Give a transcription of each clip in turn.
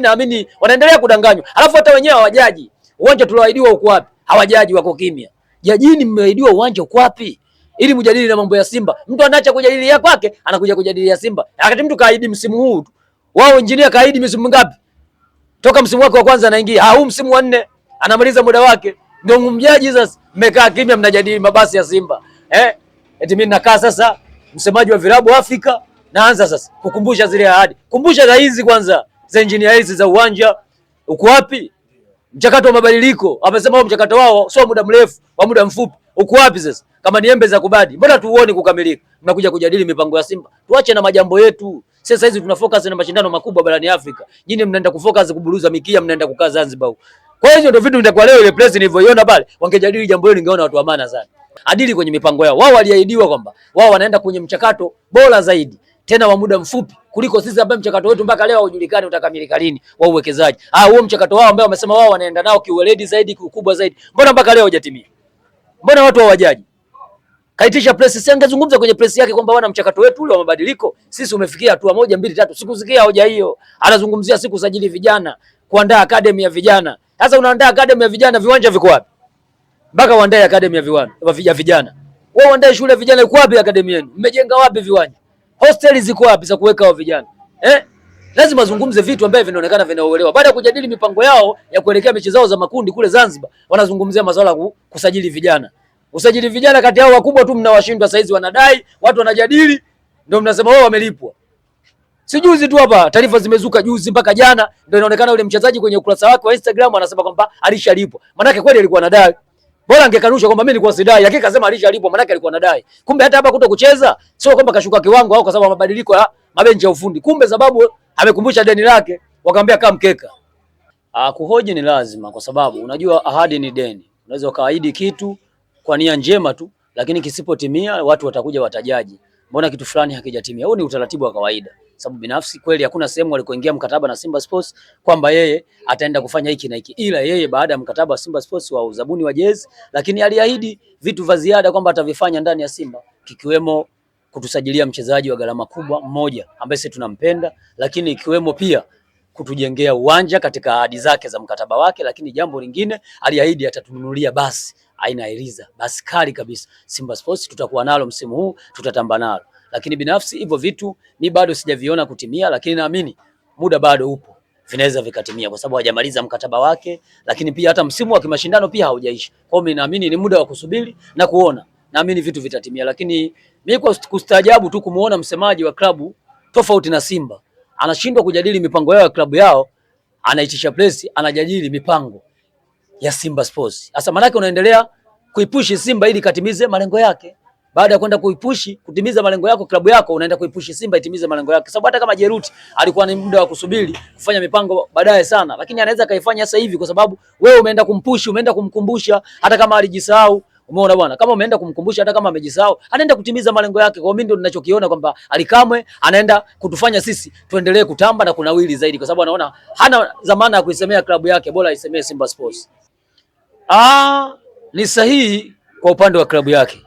lakini naamini wanaendelea kudanganywa. Alafu hata wenyewe hawajaji uwanja tulioahidiwa uko wapi? Hawajaji, wako kimya. Jajini, mmeahidiwa uwanja uko wapi ili mjadili na mambo ya Simba? Mtu anaacha kujadili ya kwake, anakuja kujadili ya Simba, wakati mtu kaahidi msimu huu tu. Wao injinia kaahidi msimu ngapi? Toka msimu wake wa kwanza anaingia, huu msimu wa nne anamaliza muda wake, ndio mjaji sasa. Mmekaa kimya, mnajadili mabasi ya Simba eh? Eti mimi nakaa sasa, msemaji wa vilabu Afrika, naanza sasa kukumbusha zile ahadi. Kumbusha za hizi kwanza za engineer hizi za uwanja uko wapi? Mchakato wa mabadiliko amesema wao mchakato wao sio muda mrefu, wa muda mfupi. Uko wapi sasa? Kama ni embe za kubadi, mbona tuuone kukamilika? Mnakuja kujadili mipango ya Simba, tuache na majambo yetu. Sasa hizi tuna focus na mashindano makubwa barani Afrika, nyinyi mnaenda kufocus kuburuza mikia, mnaenda kukaa Zanzibar. Kwa hiyo ndio vitu nitakuwa leo, ile press nilivyoiona pale, wangejadili jambo hilo, ningeona watu wa maana sana adili kwenye mipango yao. Wao waliahidiwa kwamba wao wanaenda kwenye mchakato bora zaidi tena wa muda mfupi kuliko sisi ambao mchakato wetu mpaka leo haujulikani utakamilika lini wa uwekezaji. Ah, huo mchakato wao ambao wamesema wao wanaenda nao kiuweledi zaidi, kikubwa zaidi, mbona mpaka leo hujatimia? Mbona watu hawajaji? Kaitisha press, si angezungumza kwenye press yake kwamba wana mchakato wetu ule wa mabadiliko sisi umefikia hatua moja mbili tatu. Sikusikia hoja hiyo. Anazungumzia siku sajili vijana, kuandaa academy ya vijana. Sasa unaandaa academy ya vijana, viwanja viko wapi? Mpaka uandae academy ya viwanja ya vijana. Wewe uandae shule ya vijana, iko wapi academy yenu? Mmejenga wapi viwanja? hosteli ziko wapi za kuweka hao vijana eh? Lazima zungumze vitu ambavyo vinaonekana vinauelewa. Baada ya kujadili mipango yao ya kuelekea mechi zao za makundi kule Zanzibar, wanazungumzia masuala kusajili vijana, usajili vijana kati yao wakubwa tu mnawashindwa saizi, wanadai watu wanajadili, ndio mnasema wao wamelipwa. Si juzi tu hapa taarifa zimezuka juzi mpaka jana, ndio inaonekana yule mchezaji kwenye ukurasa wake wa Instagram anasema kwamba alishalipwa. Maana yake kweli alikuwa anadai. Bora angekanusha kwamba mimi nilikuwa sidai, lakini alisha alipo, maana yake alikuwa anadai. Kumbe hata hapa kuto kucheza sio kwamba kashuka kiwango au kwa sababu mabadiliko ya mabenchi ya ufundi. Kumbe sababu amekumbusha deni lake, wakamwambia kama mkeka. Ah, kuhoji ni lazima kwa sababu unajua ahadi ni deni. Unaweza ukaahidi kitu kwa nia njema tu, lakini kisipotimia watu watakuja watajaji. Mbona kitu fulani hakijatimia? Huu ni utaratibu wa kawaida sababu binafsi kweli hakuna sehemu alikoingia mkataba na Simba Sports kwamba yeye ataenda kufanya hiki na hiki, ila yeye baada ya mkataba wa Simba Sports wa uzabuni wa jezi, lakini aliahidi vitu vya ziada kwamba atavifanya ndani ya Simba kikiwemo kutusajilia mchezaji wa gharama kubwa mmoja ambaye sisi tunampenda, lakini ikiwemo pia kutujengea uwanja katika ahadi zake za mkataba wake. Lakini jambo lingine aliahidi atatununulia basi aina ya Eliza, basi kali kabisa. Simba Sports tutakuwa nalo msimu huu, tutatamba nalo lakini binafsi hivyo vitu mi bado sijaviona kutimia, lakini naamini muda bado upo, vinaweza vikatimia kwa sababu hajamaliza mkataba wake, lakini pia hata msimu wa kimashindano pia haujaisha. Kwa mimi naamini ni muda wa kusubiri na kuona, naamini vitu vitatimia, lakini mi kwa kustaajabu tu kumuona msemaji wa klabu tofauti na Simba anashindwa kujadili mipango yao ya klabu yao, anaitisha press, anajadili mipango ya Simba Sports. Sasa maanake unaendelea kuipushi Simba ili katimize malengo yake baada ya kwenda kuipushi kutimiza malengo yako klabu yako, unaenda kuipushi Simba itimize malengo yake, sababu hata kama Jeruti alikuwa ni muda wa kusubiri kufanya mipango baadaye sana, lakini anaweza kaifanya sasa hivi, kwa sababu wewe umeenda kumpushi, umeenda kumkumbusha, hata kama alijisahau. Umeona bwana, kama umeenda kumkumbusha hata kama amejisahau, anaenda kutimiza malengo yake. Kwa mimi ndio ninachokiona kwamba Alikamwe anaenda kutufanya sisi tuendelee kutamba na kunawili zaidi, kwa sababu anaona hana zamana ya kuisemea klabu yake, bora aisemee Simba Sports. Ah, ni sahihi kwa upande wa klabu yake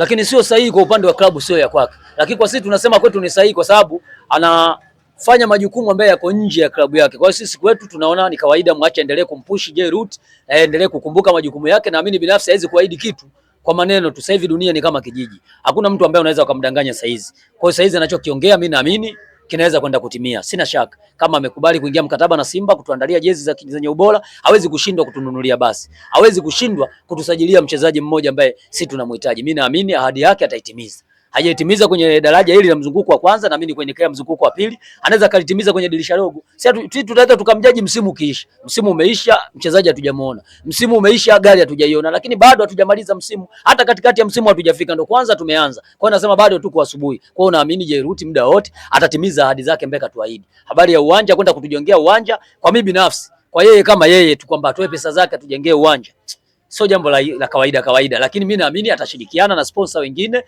lakini sio sahihi kwa upande wa klabu, sio ya kwake. Lakini kwa sisi tunasema kwetu ni sahihi, kwa sababu anafanya majukumu ambayo yako nje ya klabu yake. Kwa hiyo sisi kwetu tunaona ni kawaida, mwache endelee kumpush Jayruty, aendelee kukumbuka majukumu yake. Naamini binafsi hawezi kuahidi kitu kwa maneno tu. Sasa hivi dunia ni kama kijiji, hakuna mtu ambaye unaweza ukamdanganya saizi. Kwa hiyo saizi anachokiongea, mimi naamini kinaweza kwenda kutimia, sina shaka. Kama amekubali kuingia mkataba na Simba kutuandalia jezi zenye ubora, hawezi kushindwa kutununulia basi, hawezi kushindwa kutusajilia mchezaji mmoja ambaye si tunamhitaji. Mimi naamini ahadi yake ataitimiza hajaitimiza kwenye daraja hili la mzunguko wa kwanza, na mimi ni kuelekea mzunguko wa pili, anaweza akalitimiza kwenye dirisha dogo. Sasa tutaweza tukamjaji msimu ukiisha. Msimu umeisha, mchezaji hatujamuona, msimu umeisha, gari hatujaiona, lakini bado hatujamaliza msimu, hata katikati ya msimu hatujafika, ndo kwanza tumeanza. Kwa hiyo nasema bado tuko asubuhi. Kwa hiyo naamini Jairuti muda wote atatimiza ahadi zake, mbeka tuahidi. Habari ya uwanja kwenda kutujengea uwanja, kwa mimi binafsi, kwa yeye kama yeye tu kwamba atoe pesa zake atujengee uwanja sio jambo la, la kawaida kawaida, lakini mimi naamini atashirikiana na sponsor wengine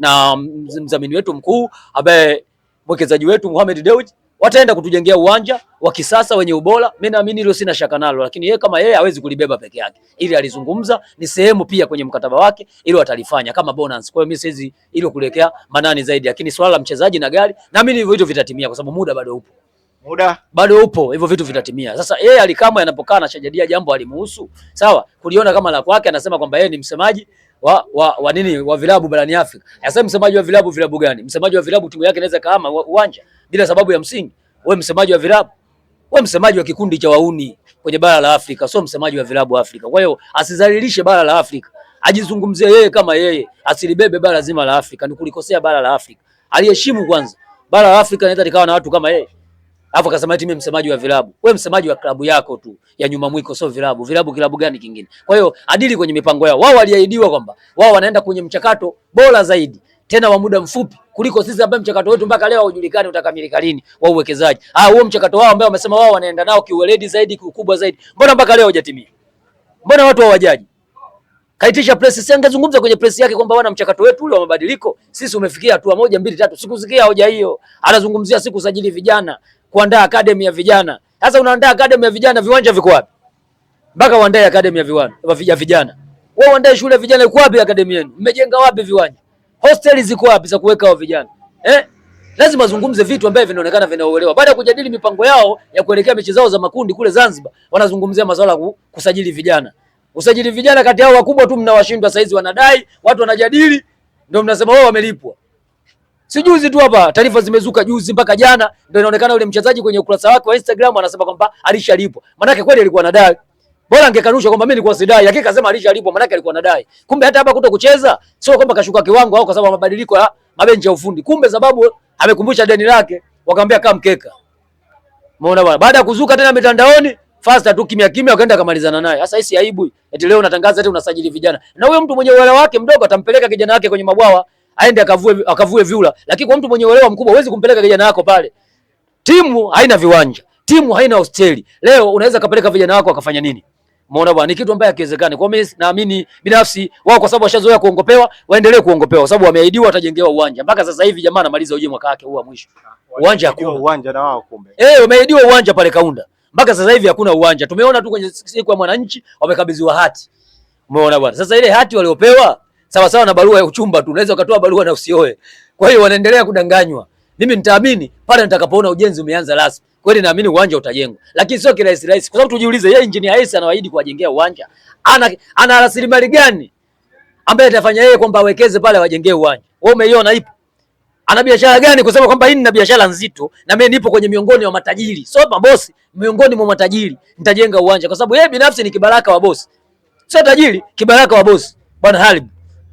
na mdhamini wetu mkuu ambaye mwekezaji wetu Mohamed Dewji wataenda kutujengea uwanja wa kisasa wenye ubora. Mimi naamini hilo sina shaka nalo, lakini yeye kama yeye hawezi kulibeba peke yake, ili alizungumza ni sehemu pia kwenye mkataba wake, ili watalifanya kama bonus. Kwa hiyo mimi siwezi ilo kulekea manani zaidi, lakini swala la mchezaji na gari, naamini hivyo vitu vitatimia kwa sababu muda bado upo, muda bado upo, hivyo vitu vitatimia. Sasa yeye alikama, anapokaa na shajadia jambo alimuhusu, sawa kuliona kama la kwake, anasema kwamba yeye ni msemaji wa, wa, wa nini wa vilabu barani Afrika. Sasa msemaji wa vilabu vilabu gani? Msemaji wa vilabu timu yake inaweza kahama uwanja bila sababu ya msingi. Wewe msemaji wa vilabu, wewe msemaji wa kikundi cha wauni kwenye bara la Afrika, sio msemaji wa vilabu Afrika. Kwa hiyo asizalilishe bara la Afrika, ajizungumzie yeye kama yeye, asilibebe bara zima la Afrika. Ni kulikosea bara la Afrika. Aliheshimu kwanza bara la Afrika, inaweza likawa na watu kama yeye. Alafu akasema eti mimi msemaji wa vilabu. Wewe msemaji wa klabu yako tu ya nyuma mwiko, sio vilabu. Vilabu kilabu gani kingine? Kwa hiyo adili kwenye mipango yao. Wao waliahidiwa kwamba wao wanaenda kwenye mchakato bora zaidi tena wa muda mfupi kuliko sisi ambaye mchakato wetu mpaka leo haujulikani utakamilika lini wa uwekezaji. Ah, huo mchakato wao ambao wamesema wao wanaenda nao kiueledi zaidi, kikubwa zaidi, mbona mpaka leo hujatimia? Mbona watu hawajaji? kaitisha press, si angezungumza kwenye press yake kwamba wana mchakato wetu ule wa mabadiliko sisi umefikia hatua moja mbili tatu. Sikusikia hoja hiyo. Anazungumzia si kusajili vijana, kuandaa academy ya vijana. Sasa unaandaa academy ya vijana, viwanja viko wapi? Mpaka uandae academy ya viwanja ya vijana, wewe uandae shule ya vijana, iko wapi academy yenu? Mmejenga wapi viwanja? Hosteli ziko wapi za kuweka hao vijana eh? Lazima azungumze vitu ambavyo vinaonekana vinaoelewa. Baada ya kujadili mipango yao ya kuelekea mechi zao za makundi kule Zanzibar, wanazungumzia masuala ya kusajili vijana. Usajili vijana kati yao wakubwa tu mnawashindwa saizi, wanadai watu wanajadili, ndio mnasema wao wamelipwa. Si juzi tu hapa taarifa zimezuka juzi mpaka jana, ndio inaonekana yule mchezaji kwenye ukurasa wake wa Instagram anasema kwamba alishalipwa. Maana yake kweli alikuwa anadai, bora angekanusha kwamba mimi nilikuwa sidai, lakini kasema alishalipwa, maana yake alikuwa anadai. Kumbe hata hapa kuto kucheza sio kwamba kashuka kiwango au kwa sababu mabadiliko ya mabenchi ya ufundi, kumbe sababu amekumbusha deni lake, wakamwambia kama mkeka. Umeona bwana, baada ya kuzuka tena mitandaoni fasta tu kimya kimya, ukaenda akamalizana naye. Sasa hisi aibu, eti leo unatangaza eti unasajili vijana, na huyo mtu mwenye uelewa wake mdogo atampeleka kijana wake kwenye mabwawa aende akavue akavue vyura, lakini kwa mtu mwenye uelewa mkubwa huwezi kumpeleka kijana wako pale. Timu haina viwanja, timu haina hosteli. Leo unaweza kapeleka vijana wako akafanya nini? Umeona bwana, ni kitu ambaye hakiwezekani. Kwa mimi naamini binafsi wao, kwa sababu washazoea kuongopewa, waendelee kuongopewa, kwa sababu wameahidiwa watajengewa uwanja. Mpaka sasa hivi jamaa anamaliza uje mwaka wake huu wa mwisho, uwanja hakuna uwanja na wao kumbe, eh, wameahidiwa uwanja pale Kaunda. Mpaka sasa hivi hakuna uwanja. Tumeona tu kwenye siku ya Mwananchi wamekabidhiwa hati. Umeona bwana. Sasa ile hati waliopewa sawa sawa na barua ya uchumba tu. Unaweza ukatoa barua na usioe. Kwa hiyo wanaendelea kudanganywa. Mimi nitaamini pale nitakapoona ujenzi umeanza rasmi. Kweli naamini uwanja utajengwa. Lakini sio kirahisi rahisi. Kwa sababu tujiulize, yeye Engineer Hersi anawaahidi kuwajengea uwanja. Ana ana rasilimali gani ambaye atafanya yeye kwamba awekeze pale awajengee uwanja? Wewe umeiona ipo? ana biashara gani kusema kwamba hii nina biashara nzito na mimi nipo kwenye miongoni wa matajiri, sio mabosi, miongoni mwa matajiri, nitajenga uwanja, kwa sababu yeye binafsi ni kibaraka wa bosi, sio tajiri, kibaraka wa bosi. Bwana Halib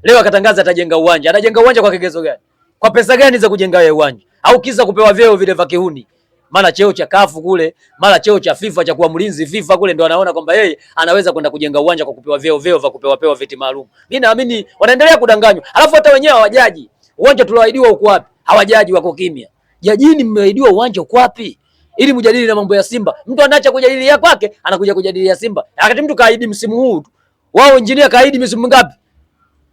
leo akatangaza atajenga uwanja. Anajenga uwanja kwa kigezo gani? Kwa pesa gani za kujenga yeye uwanja? Au kisa kupewa vyeo vile vya kihuni, mara cheo cha kafu kule, mara cheo cha FIFA cha kuwa mlinzi FIFA kule, ndo anaona kwamba yeye anaweza kwenda kujenga uwanja kwa kupewa vyeo vyeo vya kupewa pewa viti maalum. Mimi naamini wanaendelea kudanganywa, alafu hata wenyewe hawajaji Uwanja tulioahidiwa uko wapi? Hawajaji, wako kimya. Jajini mmeahidiwa uwanja uko wapi? Ili mjadili na mambo ya Simba. Mtu anaacha kujadili ya kwake, anakuja kujadili ya Simba. Wakati mtu kaahidi msimu huu tu. Wao injinia kaahidi msimu ngapi?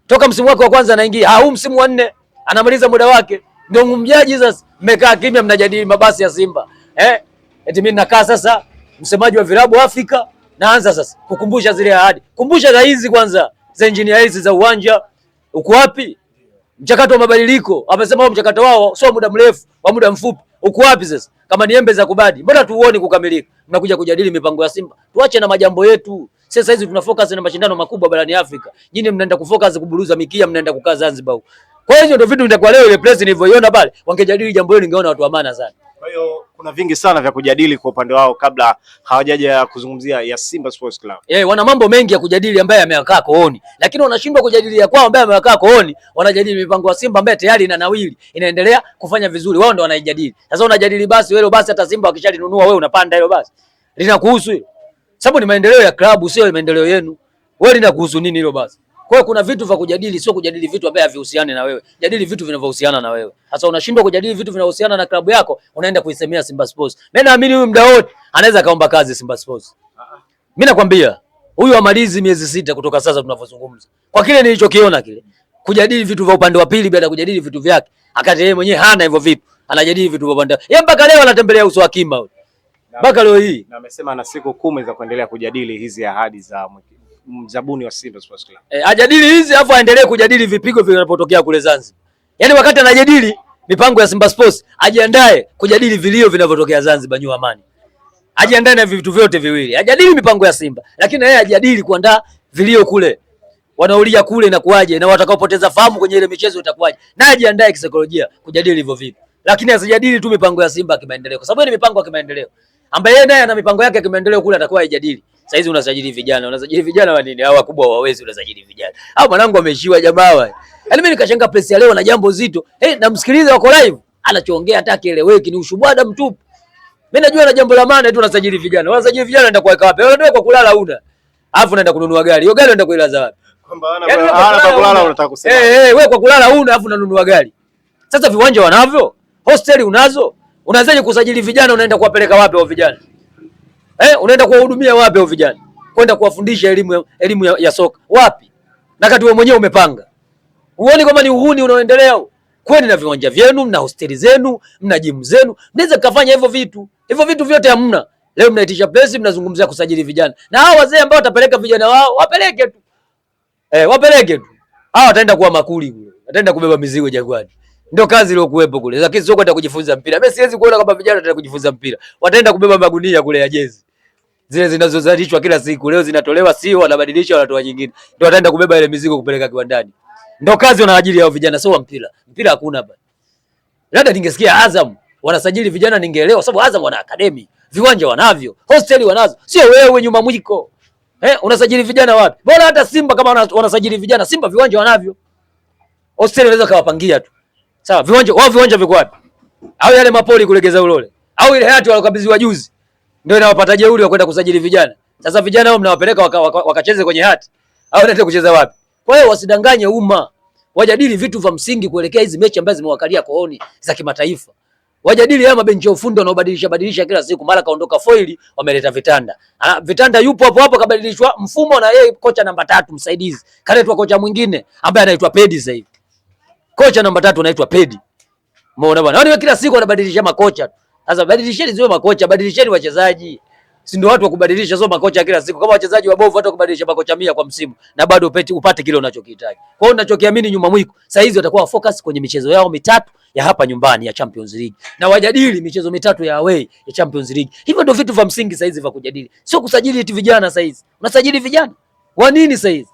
Toka msimu wake wa kwanza anaingia. Ha, huu msimu wa nne anamaliza muda wake. Ndio mjaji sasa, mmekaa kimya mnajadili mabasi ya Simba. Eh? Eti mimi nakaa sasa msemaji wa vilabu Afrika naanza sasa kukumbusha zile ahadi. Kumbusha za hizi kwanza za injinia hizi za uwanja uko wapi? mchakato wa mabadiliko. Wamesema huo mchakato wao sio muda mrefu, wa muda mfupi. Uko wapi sasa? Kama ni embe za kubadi, mbona tuuone kukamilika? Mnakuja kujadili mipango ya Simba, tuache na majambo yetu. Sasa hizi tuna focus na mashindano makubwa barani Afrika, nyinyi mnaenda kufocus kuburuza mikia, mnaenda kukaa Zanzibar. Kwa hiyo ndio vitu ndio leo ile press nilivyoiona pale, wangejadili jambo hilo, ningeona watu wa maana sana. Kwa hiyo kuna vingi sana vya kujadili kwa upande wao kabla hawajaja kuzungumzia ya Simba Sports Club. Eh, wana mambo mengi ya kujadili ambayo yamewakaa kooni, lakini wanashindwa kujadili ya kwao ambayo yamewakaa kooni. Wanajadili mipango ya Simba ambayo tayari ina nawili, inaendelea kufanya vizuri, wao ndio wanaijadili. Sasa unajadili basi wewe, basi hata Simba wakishalinunua wewe unapanda hilo basi, linakuhusu hilo sababu ni maendeleo ya klabu, sio maendeleo yenu. Wewe linakuhusu nini hilo basi? Kwa hiyo kuna vitu vya kujadili, sio kujadili vitu ambavyo havihusiani na wewe. Jadili vitu vinavyohusiana na wewe. Sasa unashindwa kujadili vitu vinavyohusiana na klabu yako, unaenda kuisemea Simba Sports. Mimi naamini huyu mda wote anaweza kaomba kazi Simba Sports. Mimi nakwambia huyu amalizi miezi sita kutoka sasa tunavyozungumza. Kwa kile nilichokiona kile, kujadili vitu vya upande wa pili bila kujadili vitu vyake. Akati yeye mwenyewe hana hivyo vitu. Anajadili vitu vya upande. Yeye mpaka leo anatembelea uso wa Kimba. huyo. Mpaka leo hii. Na amesema ana siku kumi za kuendelea kujadili hizi ahadi za mwiki mzabuni wa Simba Sports Club. Eh, ajadili hizi afu aendelee kujadili vipigo vinapotokea kule Zanzibar. Yaani wakati anajadili mipango ya Simba Sports ajiandae kujadili vilio vinavyotokea Zanzibar nyua amani. Ajiandae na vitu vyote viwili. Ajadili mipango ya Simba, lakini yeye ajadili kuandaa vilio kule. Wanaulia kule inakuwaje na watakaopoteza fahamu kwenye ile michezo itakuwaje? Na ajiandae kisaikolojia kujadili hivyo vipi. Lakini asijadili tu mipango ya Simba kimaendeleo kwa sababu ni mipango ya kimaendeleo. Ambaye yeye naye ana mipango yake ya kimaendeleo kule atakuwa haijadili. Sasa hizi unasajili vijana, unasajili vijana wa nini? Hawa wakubwa hawawezi, unasajili vijana. Hao mwanangu ameishiwa jamaa wa. Yaani mimi nikashanga press ya leo na jambo zito. Eh, hey, namsikiliza wako live. Anachoongea hata kieleweki ni ushubwada mtupu. Mimi najua na jambo la maana tu unasajili vijana. Unasajili vijana unaenda kuweka wapi? Unaenda kwa kulala una. Alafu unaenda kununua gari. Hiyo gari unaenda kuilaza wapi? Kwamba ana ana yaani kwa kulala unataka kusema. Eh, eh, wewe kwa kulala una alafu unanunua gari. Sasa viwanja wanavyo? Hosteli unazo? Unawezaje kusajili vijana unaenda kuwapeleka wapi wa vijana? Eh, unaenda kuwahudumia wapi hao vijana? Kwenda kuwafundisha elimu elimu ya, ya soka wapi? Na kati wewe mwenyewe umepanga. Huoni kama ni uhuni unaoendelea? Kwani na viwanja vyenu, mna hosteli zenu, mna jimu zenu, mnaweza kufanya hivyo vitu. Hivyo vitu vyote hamna. Leo mnaitisha place, mnazungumzia kusajili vijana. Na hao wazee ambao watapeleka vijana wao, wapeleke tu. Eh, wapeleke tu. Hao wataenda kuwa makuli kule. Wataenda kubeba mizigo Jangwani. Ndio kazi iliyokuwepo kule. Lakini sio kwenda kujifunza mpira. Mimi siwezi kuona kama vijana wataenda kujifunza mpira. Wataenda kubeba magunia kule ya jezi. Zile zinazozalishwa kila siku, leo zinatolewa, sio wanabadilisha, wanatoa nyingine. Ndio wataenda kubeba ile mizigo kupeleka kiwandani. Ndio kazi wana ajili hao vijana, sio mpira. Mpira hakuna hapa. Labda ningesikia Azam wanasajili vijana ningeelewa, sababu Azam wana akademi, viwanja wanavyo, hosteli wanazo. Sio wewe nyuma mwiko. Eh, unasajili vijana wapi? Bora hata Simba kama wanasajili vijana, Simba viwanja wanavyo. Hosteli unaweza kawapangia tu. Sawa, viwanja wao viwanja viko wapi? Au yale mapoli kulegeza ulole. Au ile hayati walokabidhiwa juzi. Ndio inawapata jeuri wa kwenda kusajili vijana. Sasa vijana wao mnawapeleka wakacheze waka, waka kwenye hati. Au nataka kucheza wapi? Kwa hiyo wasidanganye umma. Wajadili vitu vya msingi kuelekea hizi mechi ambazo zimewakalia kooni za kimataifa. Wajadili haya mabenchi ya ufundi wanaobadilisha badilisha kila siku, mara kaondoka foili, wameleta vitanda. Ah, vitanda yupo hapo hapo kabadilishwa mfumo na yeye kocha namba tatu msaidizi. Kaletwa kocha mwingine ambaye anaitwa Pedi sasa hivi. Kocha namba tatu anaitwa Pedi. Umeona bwana? Yaani kila siku wanabadilisha makocha. Sasa badilisheni sio makocha, badilisheni wachezaji. Si ndio watu wa kubadilisha sio makocha kila siku. Kama wachezaji wabovu hata kubadilisha makocha mia kwa msimu na bado upate upate kile unachokihitaji. Kwa hiyo ninachokiamini nyuma mwiko, sasa hizi watakuwa focus kwenye michezo yao mitatu ya hapa nyumbani ya Champions League na wajadili michezo mitatu ya away ya Champions League. Hivyo ndio vitu vya msingi sasa hizi vya kujadili. Sio kusajili eti vijana sasa hizi. Unasajili vijana? Kwa nini sasa hizi?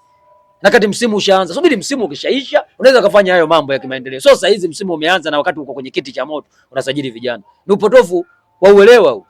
na kati msimu ushaanza. Subiri msimu ukishaisha, unaweza kufanya hayo mambo ya kimaendeleo. So sasa hizi msimu umeanza na wakati uko kwenye kiti cha moto unasajili vijana, ni upotofu wa uelewa huu.